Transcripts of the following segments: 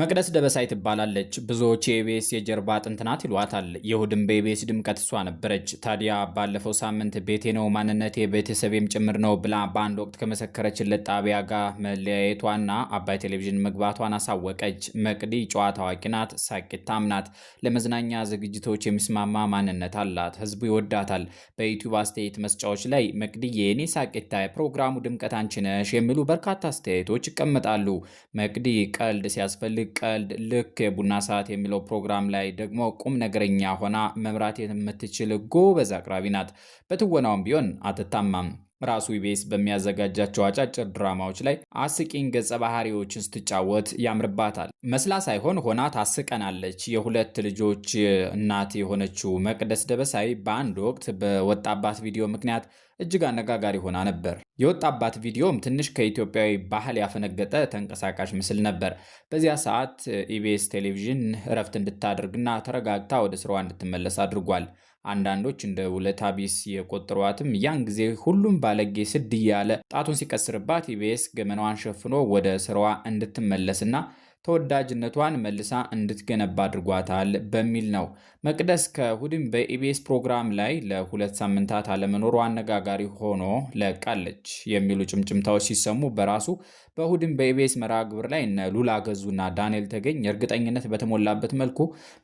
መቅደስ ደበሳይ ትባላለች። ብዙዎች የኢቢኤስ የጀርባ አጥንት ናት ይሏታል። የእሁድም በኢቢኤስ ድምቀት እሷ ነበረች። ታዲያ ባለፈው ሳምንት ቤቴ ነው ማንነቴ ቤተሰቤም ጭምር ነው ብላ በአንድ ወቅት ከመሰከረችለት ጣቢያ ጋር መለያየቷና አባይ ቴሌቪዥን መግባቷን አሳወቀች። መቅዲ ጨዋ ታዋቂ ናት፣ ሳቂታም ናት። ለመዝናኛ ዝግጅቶች የሚስማማ ማንነት አላት። ህዝቡ ይወዳታል። በዩቲዩብ አስተያየት መስጫዎች ላይ መቅዲ የኔ ሳቂታ፣ የፕሮግራሙ ድምቀት አንቺ ነሽ የሚሉ በርካታ አስተያየቶች ይቀመጣሉ። መቅዲ ቀልድ ሲያስፈልግ ቀልድ ልክ የቡና ሰዓት የሚለው ፕሮግራም ላይ ደግሞ ቁም ነገረኛ ሆና መምራት የምትችል ጎበዝ አቅራቢ ናት። በትወናውም ቢሆን አትታማም። ራሱ ኢቢኤስ በሚያዘጋጃቸው አጫጭር ድራማዎች ላይ አስቂኝ ገጸ ባህሪዎችን ስትጫወት ያምርባታል። መስላ ሳይሆን ሆና ታስቀናለች። የሁለት ልጆች እናት የሆነችው መቅደስ ደበሳይ በአንድ ወቅት በወጣባት ቪዲዮ ምክንያት እጅግ አነጋጋሪ ሆና ነበር። የወጣባት ቪዲዮም ትንሽ ከኢትዮጵያዊ ባህል ያፈነገጠ ተንቀሳቃሽ ምስል ነበር። በዚያ ሰዓት ኢቢኤስ ቴሌቪዥን እረፍት እንድታደርግና ተረጋግታ ወደ ስራዋ እንድትመለስ አድርጓል። አንዳንዶች እንደ ውለታ ቢስ የቆጠሯትም ያን ጊዜ ሁሉም ባለጌ ስድ እያለ ጣቱን ሲቀስርባት ኢቢኤስ ገመናዋን ሸፍኖ ወደ ስራዋ እንድትመለስና ተወዳጅነቷን መልሳ እንድትገነባ አድርጓታል በሚል ነው። መቅደስ ከእሁድም በኢቢኤስ ፕሮግራም ላይ ለሁለት ሳምንታት አለመኖሩ አነጋጋሪ ሆኖ ለቃለች የሚሉ ጭምጭምታዎች ሲሰሙ በራሱ በእሁድም በኢቢኤስ መርሃ ግብር ላይ እነ ሉላ ገዙና ዳንኤል ተገኝ እርግጠኝነት በተሞላበት መልኩ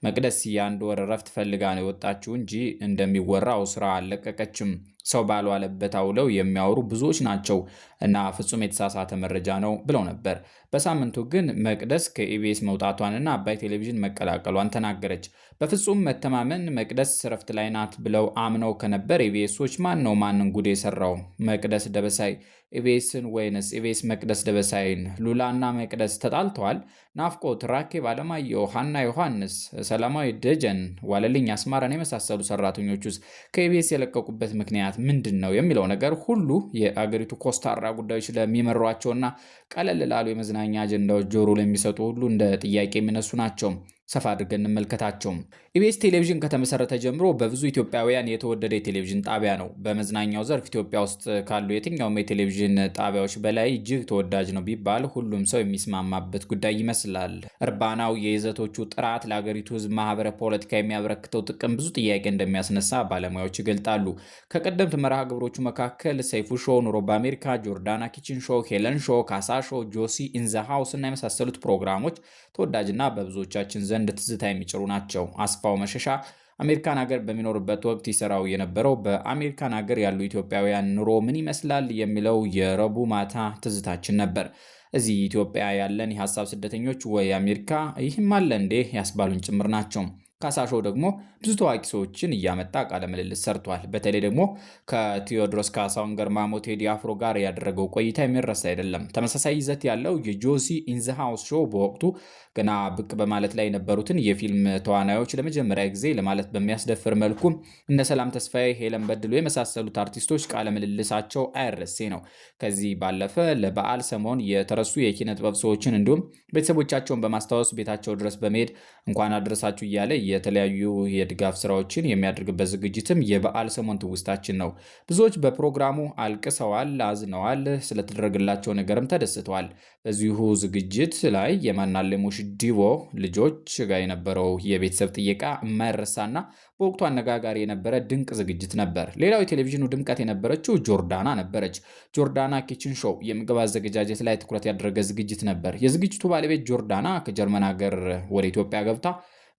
መቅደስ የአንድ ወር እረፍት ፈልጋ ነው የወጣችው እንጂ እንደሚወራው ስራ አልለቀቀችም። ሰው ባልዋለበት አውለው የሚያወሩ ብዙዎች ናቸው እና ፍጹም የተሳሳተ መረጃ ነው ብለው ነበር። በሳምንቱ ግን መቅደስ ከኢቢኤስ መውጣቷንና አባይ ቴሌቪዥን መቀላቀሏን ተናገረች። በፍጹም መተማመን መቅደስ እረፍት ላይ ናት ብለው አምነው ከነበር ኢቢኤሶች ማን ነው ማንን ጉድ የሰራው? መቅደስ ደበሳይ ኢቢኤስን ወይንስ ኢቢኤስ መቅደስ ደበሳይን? ሉላና መቅደስ ተጣልተዋል? ናፍቆት፣ ራኬብ አለማየሁ፣ ሀና ዮሐንስ፣ ሰላማዊ ደጀን፣ ዋለልኝ አስማራን የመሳሰሉ ሰራተኞች ውስጥ ከኢቢኤስ የለቀቁበት ምክንያት ምክንያት ምንድን ነው የሚለው ነገር ሁሉ የአገሪቱ ኮስታራ ጉዳዮች ለሚመሯቸውና ቀለል ላሉ የመዝናኛ አጀንዳዎች ጆሮ ለሚሰጡ ሁሉ እንደ ጥያቄ የሚነሱ ናቸው። ሰፋ አድርገን እንመልከታቸው። ኢቢኤስ ቴሌቪዥን ከተመሰረተ ጀምሮ በብዙ ኢትዮጵያውያን የተወደደ የቴሌቪዥን ጣቢያ ነው። በመዝናኛው ዘርፍ ኢትዮጵያ ውስጥ ካሉ የትኛውም የቴሌቪዥን ጣቢያዎች በላይ እጅግ ተወዳጅ ነው ቢባል ሁሉም ሰው የሚስማማበት ጉዳይ ይመስላል። እርባናው፣ የይዘቶቹ ጥራት፣ ለአገሪቱ ሕዝብ ማህበረ ፖለቲካ የሚያበረክተው ጥቅም ብዙ ጥያቄ እንደሚያስነሳ ባለሙያዎች ይገልጣሉ። ከቀደምት መርሃ ግብሮቹ መካከል ሰይፉ ሾው፣ ኑሮ በአሜሪካ፣ ጆርዳና ኪችን ሾው፣ ሄለን ሾው፣ ካሳ ሾው፣ ጆሲ ኢንዘሃውስ እና የመሳሰሉት ፕሮግራሞች ተወዳጅና በብዙዎቻችን ዘንድ ትዝታ የሚጭሩ ናቸው። አስፋው መሸሻ አሜሪካን ሀገር በሚኖርበት ወቅት ይሰራው የነበረው በአሜሪካን ሀገር ያሉ ኢትዮጵያውያን ኑሮ ምን ይመስላል የሚለው የረቡዕ ማታ ትዝታችን ነበር። እዚህ ኢትዮጵያ ያለን የሀሳብ ስደተኞች ወይ አሜሪካ ይህም አለ እንዴ ያስባሉን ጭምር ናቸው። ካሳሾ ደግሞ ብዙ ታዋቂ ሰዎችን እያመጣ ቃለ ምልልስ ሰርቷል። በተለይ ደግሞ ከቴዎድሮስ ካሳሁን ገርማሞ ቴዲ አፍሮ ጋር ያደረገው ቆይታ የሚረሳ አይደለም። ተመሳሳይ ይዘት ያለው የጆሲ ኢንዘሃውስ ሃውስ ሾው በወቅቱ ገና ብቅ በማለት ላይ የነበሩትን የፊልም ተዋናዮች ለመጀመሪያ ጊዜ ለማለት በሚያስደፍር መልኩ እነ ሰላም ተስፋዬ፣ ሄለን በድሎ የመሳሰሉት አርቲስቶች ቃለ ምልልሳቸው አይረሴ ነው። ከዚህ ባለፈ ለበዓል ሰሞን የተረሱ የኪነ ጥበብ ሰዎችን እንዲሁም ቤተሰቦቻቸውን በማስታወስ ቤታቸው ድረስ በመሄድ እንኳን አድረሳችሁ እያለ የተለያዩ የድጋፍ ስራዎችን የሚያደርግበት ዝግጅትም የበዓል ሰሞን ትውስታችን ነው። ብዙዎች በፕሮግራሙ አልቅሰዋል፣ አዝነዋል፣ ስለተደረገላቸው ነገርም ተደስተዋል። በዚሁ ዝግጅት ላይ የማናለሙሽ ዲቦ ልጆች ጋር የነበረው የቤተሰብ ጥየቃ የማይረሳና በወቅቱ አነጋጋሪ የነበረ ድንቅ ዝግጅት ነበር። ሌላው የቴሌቪዥኑ ድምቀት የነበረችው ጆርዳና ነበረች። ጆርዳና ኪችን ሾው የምግብ አዘገጃጀት ላይ ትኩረት ያደረገ ዝግጅት ነበር። የዝግጅቱ ባለቤት ጆርዳና ከጀርመን ሀገር ወደ ኢትዮጵያ ገብታ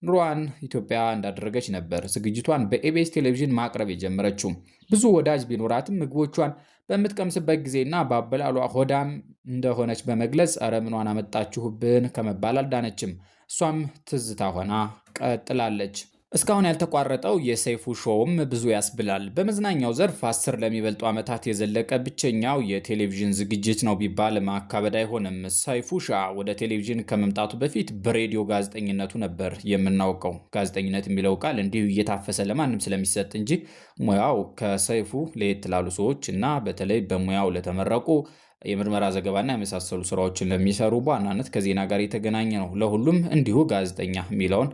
ኑሯን ኢትዮጵያ እንዳደረገች ነበር ዝግጅቷን በኤቤስ ቴሌቪዥን ማቅረብ የጀመረችው። ብዙ ወዳጅ ቢኖራትም ምግቦቿን በምትቀምስበት ጊዜና በአበላሏ ሆዳም እንደሆነች በመግለጽ ኧረ ምኗን አመጣችሁብን ከመባል አልዳነችም። እሷም ትዝታ ሆና ቀጥላለች። እስካሁን ያልተቋረጠው የሰይፉ ሾውም ብዙ ያስብላል። በመዝናኛው ዘርፍ አስር ለሚበልጡ ዓመታት የዘለቀ ብቸኛው የቴሌቪዥን ዝግጅት ነው ቢባል ማካበድ አይሆንም። ሰይፉ ሻ ወደ ቴሌቪዥን ከመምጣቱ በፊት በሬዲዮ ጋዜጠኝነቱ ነበር የምናውቀው። ጋዜጠኝነት የሚለው ቃል እንዲሁ እየታፈሰ ለማንም ስለሚሰጥ እንጂ ሙያው ከሰይፉ ለየት ላሉ ሰዎች እና በተለይ በሙያው ለተመረቁ የምርመራ ዘገባና የመሳሰሉ ስራዎችን ለሚሰሩ በዋናነት ከዜና ጋር የተገናኘ ነው። ለሁሉም እንዲሁ ጋዜጠኛ የሚለውን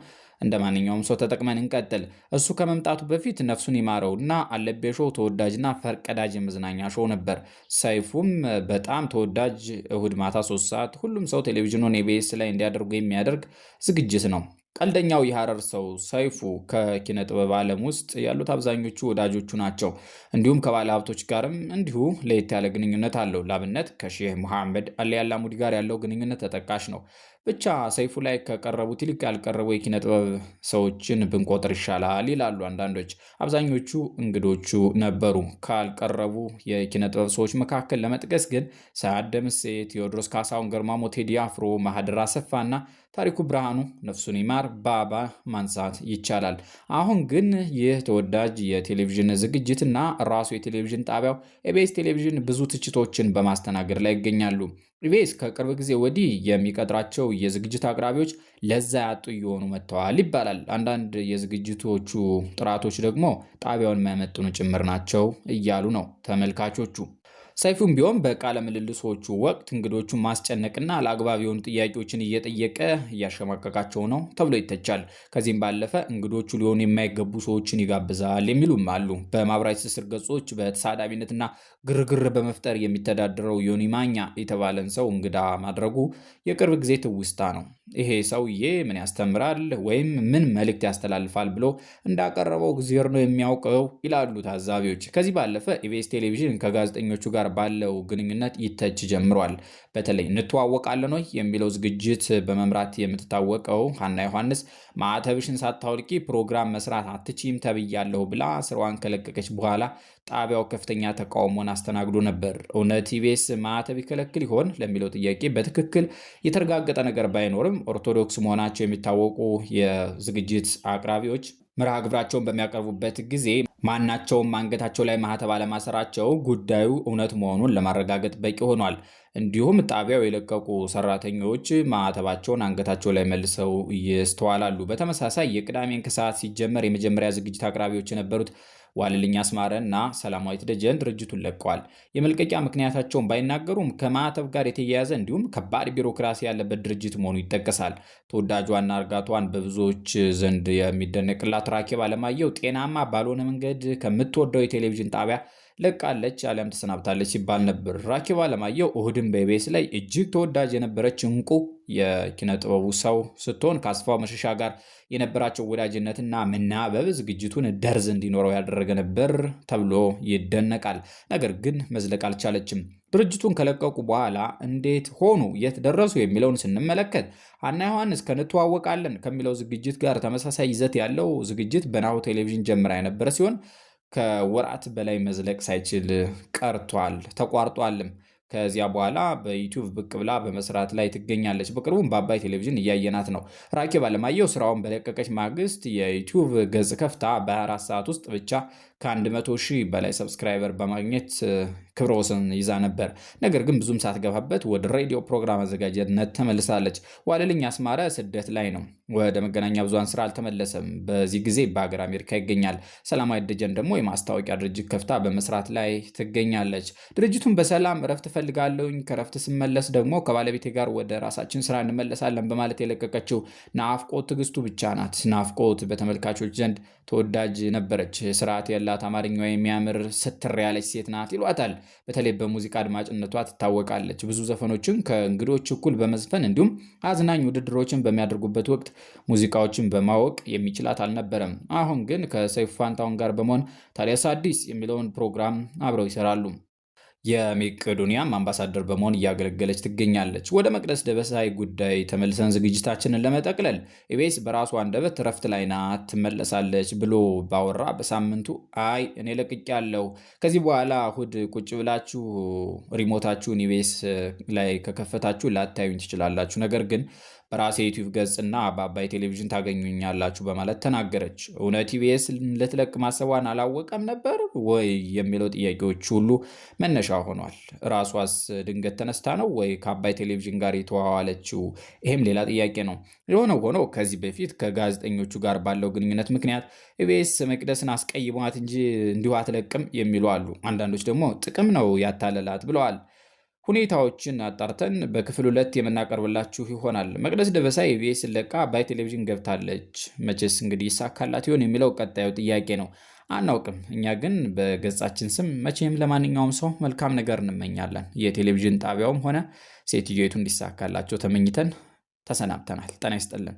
እንደ ማንኛውም ሰው ተጠቅመን እንቀጥል። እሱ ከመምጣቱ በፊት ነፍሱን ይማረውና አለቤ ሾው ተወዳጅና ፈርቀዳጅ የመዝናኛ ሾው ነበር። ሰይፉም በጣም ተወዳጅ እሁድ ማታ ሶስት ሰዓት ሁሉም ሰው ቴሌቪዥኑን ኢቢኤስ ላይ እንዲያደርጉ የሚያደርግ ዝግጅት ነው። ቀልደኛው የሐረር ሰው ሰይፉ ከኪነ ጥበብ ዓለም ውስጥ ያሉት አብዛኞቹ ወዳጆቹ ናቸው። እንዲሁም ከባለ ሀብቶች ጋርም እንዲሁ ለየት ያለ ግንኙነት አለው። ላብነት ከሼህ መሐመድ አሊ አላሙዲ ጋር ያለው ግንኙነት ተጠቃሽ ነው። ብቻ ሰይፉ ላይ ከቀረቡት ይልቅ ያልቀረቡ የኪነ ጥበብ ሰዎችን ብንቆጥር ይሻላል ይላሉ አንዳንዶች። አብዛኞቹ እንግዶቹ ነበሩ። ካልቀረቡ የኪነ ጥበብ ሰዎች መካከል ለመጥቀስ ግን ሰዓት ደምሴ፣ ቴዎድሮስ ካሳሁን፣ ገርማሞ ቴዲ አፍሮ፣ ማህደር አሰፋ እና ታሪኩ ብርሃኑ ነፍሱን ይማር ባባ ማንሳት ይቻላል። አሁን ግን ይህ ተወዳጅ የቴሌቪዥን ዝግጅት እና ራሱ የቴሌቪዥን ጣቢያው ኤቤስ ቴሌቪዥን ብዙ ትችቶችን በማስተናገድ ላይ ይገኛሉ። ኢቢኤስ ከቅርብ ጊዜ ወዲህ የሚቀጥራቸው የዝግጅት አቅራቢዎች ለዛ ያጡ እየሆኑ መጥተዋል ይባላል። አንዳንድ የዝግጅቶቹ ጥራቶች ደግሞ ጣቢያውን የማያመጥኑ ጭምር ናቸው እያሉ ነው ተመልካቾቹ። ሰይፉም ቢሆን በቃለ ምልልሶቹ ወቅት እንግዶቹን ማስጨነቅና ለአግባብ የሆኑ ጥያቄዎችን እየጠየቀ እያሸማቀቃቸው ነው ተብሎ ይተቻል። ከዚህም ባለፈ እንግዶቹ ሊሆኑ የማይገቡ ሰዎችን ይጋብዛል የሚሉም አሉ። በማህበራዊ ትስስር ገጾች በተሳዳቢነትና ግርግር በመፍጠር የሚተዳደረው ዮኒ ማኛ የተባለን ሰው እንግዳ ማድረጉ የቅርብ ጊዜ ትውስታ ነው። ይሄ ሰውዬ ምን ያስተምራል ወይም ምን መልእክት ያስተላልፋል ብሎ እንዳቀረበው እግዚአብሔር ነው የሚያውቀው ይላሉ ታዛቢዎች። ከዚህ ባለፈ ኢቢኤስ ቴሌቪዥን ከጋዜጠኞቹ ጋር ባለው ግንኙነት ይተች ጀምሯል። በተለይ እንተዋወቃለን ወይ የሚለው ዝግጅት በመምራት የምትታወቀው ሀና ዮሐንስ ማዕተብሽን ሳታወልቂ ፕሮግራም መስራት አትችይም ተብያለሁ ብላ ስራዋን ከለቀቀች በኋላ ጣቢያው ከፍተኛ ተቃውሞን አስተናግዶ ነበር። እውነት ኢቢኤስ ማዕተብ ይከለክል ይሆን ለሚለው ጥያቄ በትክክል የተረጋገጠ ነገር ባይኖርም ኦርቶዶክስ መሆናቸው የሚታወቁ የዝግጅት አቅራቢዎች መርሃ ግብራቸውን በሚያቀርቡበት ጊዜ ማናቸውም አንገታቸው ላይ ማህተብ አለማሰራቸው ጉዳዩ እውነት መሆኑን ለማረጋገጥ በቂ ሆኗል። እንዲሁም ጣቢያው የለቀቁ ሰራተኞች ማህተባቸውን አንገታቸው ላይ መልሰው ይስተዋላሉ። በተመሳሳይ የቅዳሜን ከሰዓት ሲጀመር የመጀመሪያ ዝግጅት አቅራቢዎች የነበሩት ዋልልኝ አስማረ እና ሰላማዊት ደጀን ድርጅቱን ለቀዋል። የመልቀቂያ ምክንያታቸውን ባይናገሩም ከማዕተብ ጋር የተያያዘ እንዲሁም ከባድ ቢሮክራሲ ያለበት ድርጅት መሆኑ ይጠቀሳል። ተወዳጇና እርጋቷን በብዙዎች ዘንድ የሚደነቅላት ራኬብ አለማየሁ ጤናማ ባልሆነ መንገድ ከምትወደው የቴሌቪዥን ጣቢያ ለቃለች አሊያም ተሰናብታለች ሲባል ነበር። ራኬብ አለማየሁ እሁድን በኢቢኤስ ላይ እጅግ ተወዳጅ የነበረች እንቁ የኪነ ጥበቡ ሰው ስትሆን ከአስፋው መሸሻ ጋር የነበራቸው ወዳጅነትና መናበብ ዝግጅቱን ደርዝ እንዲኖረው ያደረገ ነበር ተብሎ ይደነቃል። ነገር ግን መዝለቅ አልቻለችም። ድርጅቱን ከለቀቁ በኋላ እንዴት ሆኑ፣ የት ደረሱ የሚለውን ስንመለከት አና ዮሐንስ ከንተዋወቃለን ከሚለው ዝግጅት ጋር ተመሳሳይ ይዘት ያለው ዝግጅት በናሁ ቴሌቪዥን ጀምራ የነበረ ሲሆን ከወራት በላይ መዝለቅ ሳይችል ቀርቷል፣ ተቋርጧልም። ከዚያ በኋላ በዩቲዩብ ብቅ ብላ በመስራት ላይ ትገኛለች። በቅርቡም በአባይ ቴሌቪዥን እያየናት ነው። ራኬብ አለማየሁ ስራውን በለቀቀች ማግስት የዩቲዩብ ገጽ ከፍታ በ24 ሰዓት ውስጥ ብቻ ከአንድ መቶ ሺህ በላይ ሰብስክራይበር በማግኘት ክብረ ወሰን ይዛ ነበር። ነገር ግን ብዙም ሳትገፋበት ወደ ሬዲዮ ፕሮግራም አዘጋጅነት ተመልሳለች። ዋለልኝ አስማረ ስደት ላይ ነው። ወደ መገናኛ ብዙሃን ስራ አልተመለሰም። በዚህ ጊዜ በሀገር አሜሪካ ይገኛል። ሰላማዊ ደጀን ደግሞ የማስታወቂያ ድርጅት ከፍታ በመስራት ላይ ትገኛለች። ድርጅቱን በሰላም እረፍት እፈልጋለሁኝ፣ ከእረፍት ስመለስ ደግሞ ከባለቤቴ ጋር ወደ ራሳችን ስራ እንመለሳለን በማለት የለቀቀችው ናፍቆት ትዕግስቱ ብቻ ናት። ናፍቆት በተመልካቾች ዘንድ ተወዳጅ ነበረች። ስርዓት ያላት ያላት አማርኛዋ የሚያምር ስትር ያለች ሴት ናት ይሏታል። በተለይ በሙዚቃ አድማጭነቷ ትታወቃለች። ብዙ ዘፈኖችን ከእንግዶች እኩል በመዝፈን እንዲሁም አዝናኝ ውድድሮችን በሚያደርጉበት ወቅት ሙዚቃዎችን በማወቅ የሚችላት አልነበረም። አሁን ግን ከሰይፉ ፋንታውን ጋር በመሆን ታዲያስ አዲስ የሚለውን ፕሮግራም አብረው ይሰራሉ። የሜቄዶኒያም አምባሳደር በመሆን እያገለገለች ትገኛለች። ወደ መቅደስ ደበሳይ ጉዳይ ተመልሰን ዝግጅታችንን ለመጠቅለል ኢቢኤስ በራሱ አንደበት እረፍት ላይ ናት ትመለሳለች ብሎ ባወራ በሳምንቱ አይ እኔ ያለው ከዚህ በኋላ እሁድ ቁጭ ብላችሁ ሪሞታችሁን ኢቢኤስ ላይ ከከፈታችሁ ላታዩኝ ትችላላችሁ፣ ነገር ግን በራሴ ዩቲዩብ ገጽና በአባይ ቴሌቪዥን ታገኙኛላችሁ በማለት ተናገረች። እውነት ኢቢኤስ ልትለቅ ማሰቧን አላወቀም ነበር ወይ የሚለው ጥያቄዎች ሁሉ መነሻ ሆኗል። ራሷስ ድንገት ተነስታ ነው ወይ ከአባይ ቴሌቪዥን ጋር የተዋዋለችው? ይሄም ሌላ ጥያቄ ነው። የሆነ ሆኖ ከዚህ በፊት ከጋዜጠኞቹ ጋር ባለው ግንኙነት ምክንያት ኢቢኤስ መቅደስን አስቀይሟት እንጂ እንዲሁ አትለቅም የሚሉ አሉ። አንዳንዶች ደግሞ ጥቅም ነው ያታለላት ብለዋል። ሁኔታዎችን አጣርተን በክፍል ሁለት የምናቀርብላችሁ ይሆናል። መቅደስ ደበሳ ኢቢኤስን ለቃ አባይ ቴሌቪዥን ገብታለች። መቼስ እንግዲህ ይሳካላት ይሆን የሚለው ቀጣዩ ጥያቄ ነው። አናውቅም። እኛ ግን በገጻችን ስም መቼም ለማንኛውም ሰው መልካም ነገር እንመኛለን። የቴሌቪዥን ጣቢያውም ሆነ ሴትዮቱ እንዲሳካላቸው ተመኝተን ተሰናብተናል። ጤና ይስጥልን።